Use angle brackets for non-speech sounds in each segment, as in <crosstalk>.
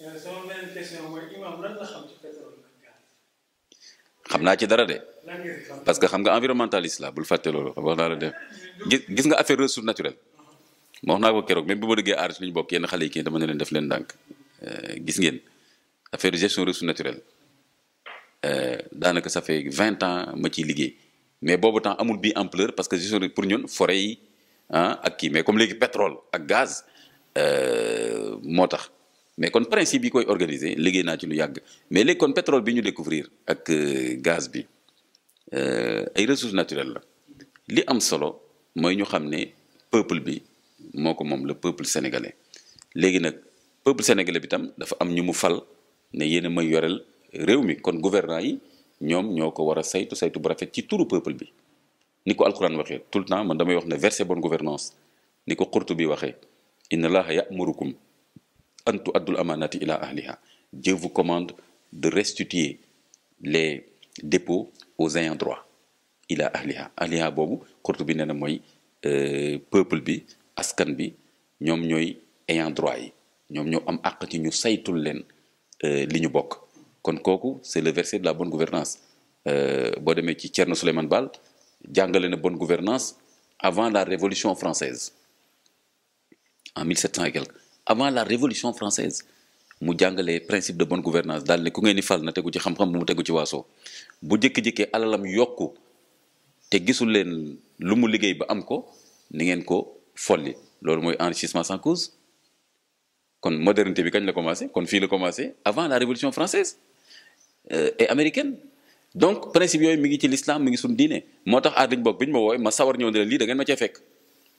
xam naa ci dara de. parce que xam nga environnementaliste la bul fàtte loolu wax naa la de gis gis nga affaire ressource naturelle. moo wax naa ko keroog même bu ma dëggee aar suñu bokk yenn xale yi kii dama ne leen def leen ndànk eh, gis ngeen affaire gestion ressource naturelle eh, daanaka ça fait vingt ans ma ciy liggéey mais boobu temps amul bii ampleur parce que gestion pour ñun forêt yi ah, ak kii mais comme léegi pétrole ak gaz eh, moo tax. mais kon principe yi koy organiser liggéey na ci lu yàgg mais les kon pétrole bi ñu découvrir ak euh, gaz bi euh, ay ressources naturelles la li am solo moy ñu xamné peuple bi moko mom le peuple sénégalais léegi nak peuple sénégalais bi tam dafa am ñu mu fal ne yéne may yorel réew mi kon gouvernant yi ñom ñoo ko war saytu saytu bu rafet ci turu peuple bi niko alcorane waxe tout le temps man damay wax né verset bonne gouvernance niko qurtubi waxe inna allaha yamurukum Antu Adul Amanati ila ahliha. Dieu vous commande de restituer les dépôts aux ayants droit. ila ahliha. Ahliha Bobu, korte bi nee na euh, peuple bi askan bi ñom ñoy ayants droit yi ñoom ñoo am àq ci ñu saytul len euh, li ñu kon koku c'est le verset de la bonne gouvernance euh, bo demee ci Thierno Souleyman Baal jàngale na bonne gouvernance avant la Révolution française en 1700 et quelque avant la révolution française mu jàngale principe de bonne gouvernance dal ne ku ngeen di fal na tegu ci xam-xam mu tegu ci waso bu jékki-jékkee alalam yokku te gisul len lu mu liggéey ba am ko ni ngeen ko folli loolu moy enrichissement sans cause kon modernité bi kagn la commencé kon fi la commencé avant la révolution française euh, et américaine donc principe yoy mi ngi ci l'islam mi ngi sun diine motax tax bok biñ bokk bi ma wooy ma sawar ñew ne li da ngeen ma ci fekk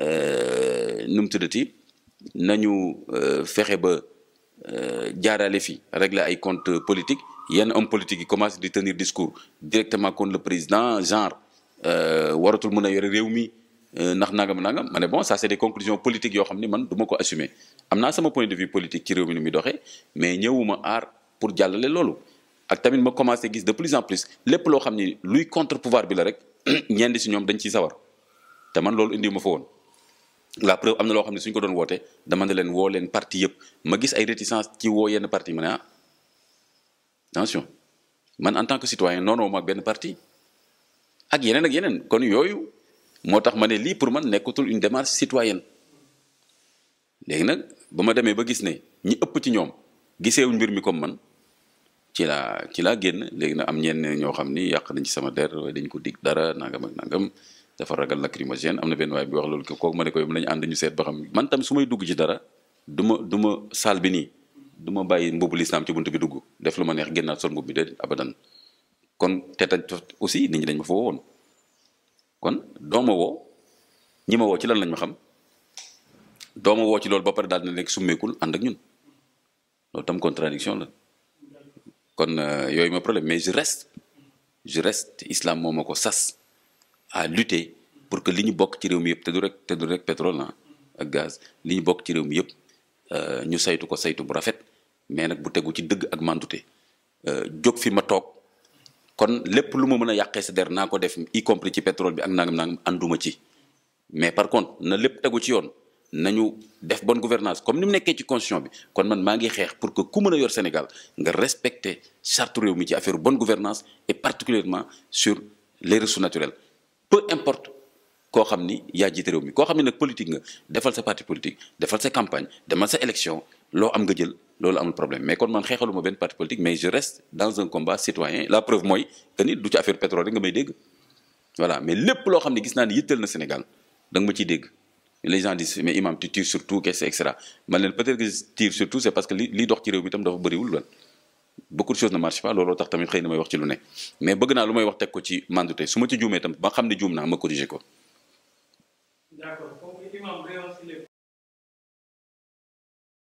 Euh, nu mu tuddati nañu euh, fexe ba euh, jaarale fi régler ay compte politique yenn homme politique yi commence di tenir discours directement contre le président genre waratul mën a yore réew mi ndax nangam nangam ma ne bon ça c'est des conclusions politiques yoo xam ni man du ma ko assumer am naa sama point de vue politique ci réew mi ni muy doxee mais ñëwuma aar pour jàllale loolu ak tamit ma commencé gis de plus en plus lépp loo xam ni luy contre pouvoir bi la rek <clears throat> ñenn si ñoom dañ ciy sawar te man loolu indi ma fa woon la preuve amna lo xamni suñ ko doon woté dama ne len wo len parti yépp ma gis ay réticence ci wo yenn parti mané ah, attention man en tant que citoyen non non mak ben parti ak yenen ak yenen kon yoyu motax mané li pour man nekutul une démarche citoyenne légui nak bama démé ba gis né ñi ëpp ci ñom gisé wuñ mbir mi comme man ci la ci la génn légui na am ñen ño xamni yaq nañ ci sama der dañ ko dig dara nangam ak nangam dafa ragal lacrymogène amna ben way bi wax loolu ko ma ne ko yow nañ mantam ñu sét ba xam man tam sumay dugg ci dara duma duma sal bi ni duma bayyi mbubu islam ci buntu bi dugg def luma neex gennat sol mbub bi abadan kon teta aussi nit ñi dañ ma fo won kon domo wo, ñi ma wo ci lan lañ ma xam dooma wo ci loolu ba pare dal na nek and ak ñun tam contradiction la kon euh, yoy ma problème mais je reste je reste islam momako à lutter pour que li bok bokk ci réew mi yëpp du rek du rek pétrole na hein, ak gaz li bok bokk ci réew mi yëpp euh, ñu saytu ko saytu bu rafet mais nag bu tegu ci dëgg ak Euh, jóg fi ma tok, kon lépp lu ma mën a sa der naa ko def y compris ci pétrole bi ak nangam nangam ci mais par contre na lépp tegu ci yoon nañu def bonne gouvernance comme nous mu nekkee ci constitution bi kon man maa ngi pour que ku mën yor Sénégal nga respecter charte réew mi ci affaire bonne gouvernance et particulièrement sur les ressources naturelles peu importe ko xamni ya a jiite réew mi koo xam politique nga defal sa parti politique defal sa campagne demal sa élection lo am nga jël loolu amul problème mais kon man xéxaluma ben parti politique mais je reste dans un combat citoyen la preuve moy que ni du affaire pétrole nga may dégg voilà mais lepp lo xamni gis na ni yittal na Sénégal da ma ci dégg les gens disent mais imam tu tires sur tout qu'est-ce et cetera man len peut-être que je tire sur tout c'est parce que li dox ci réew mi tam dafa bëriwul lan beaucoup de choses ne marchent pas lolo tax tamit xeyna may wax ci lu ne mais bëgg naa lu may wax tek ko ci mandute tay suma ci juumee tam ba xam ne na ma corriger ko. d'accord.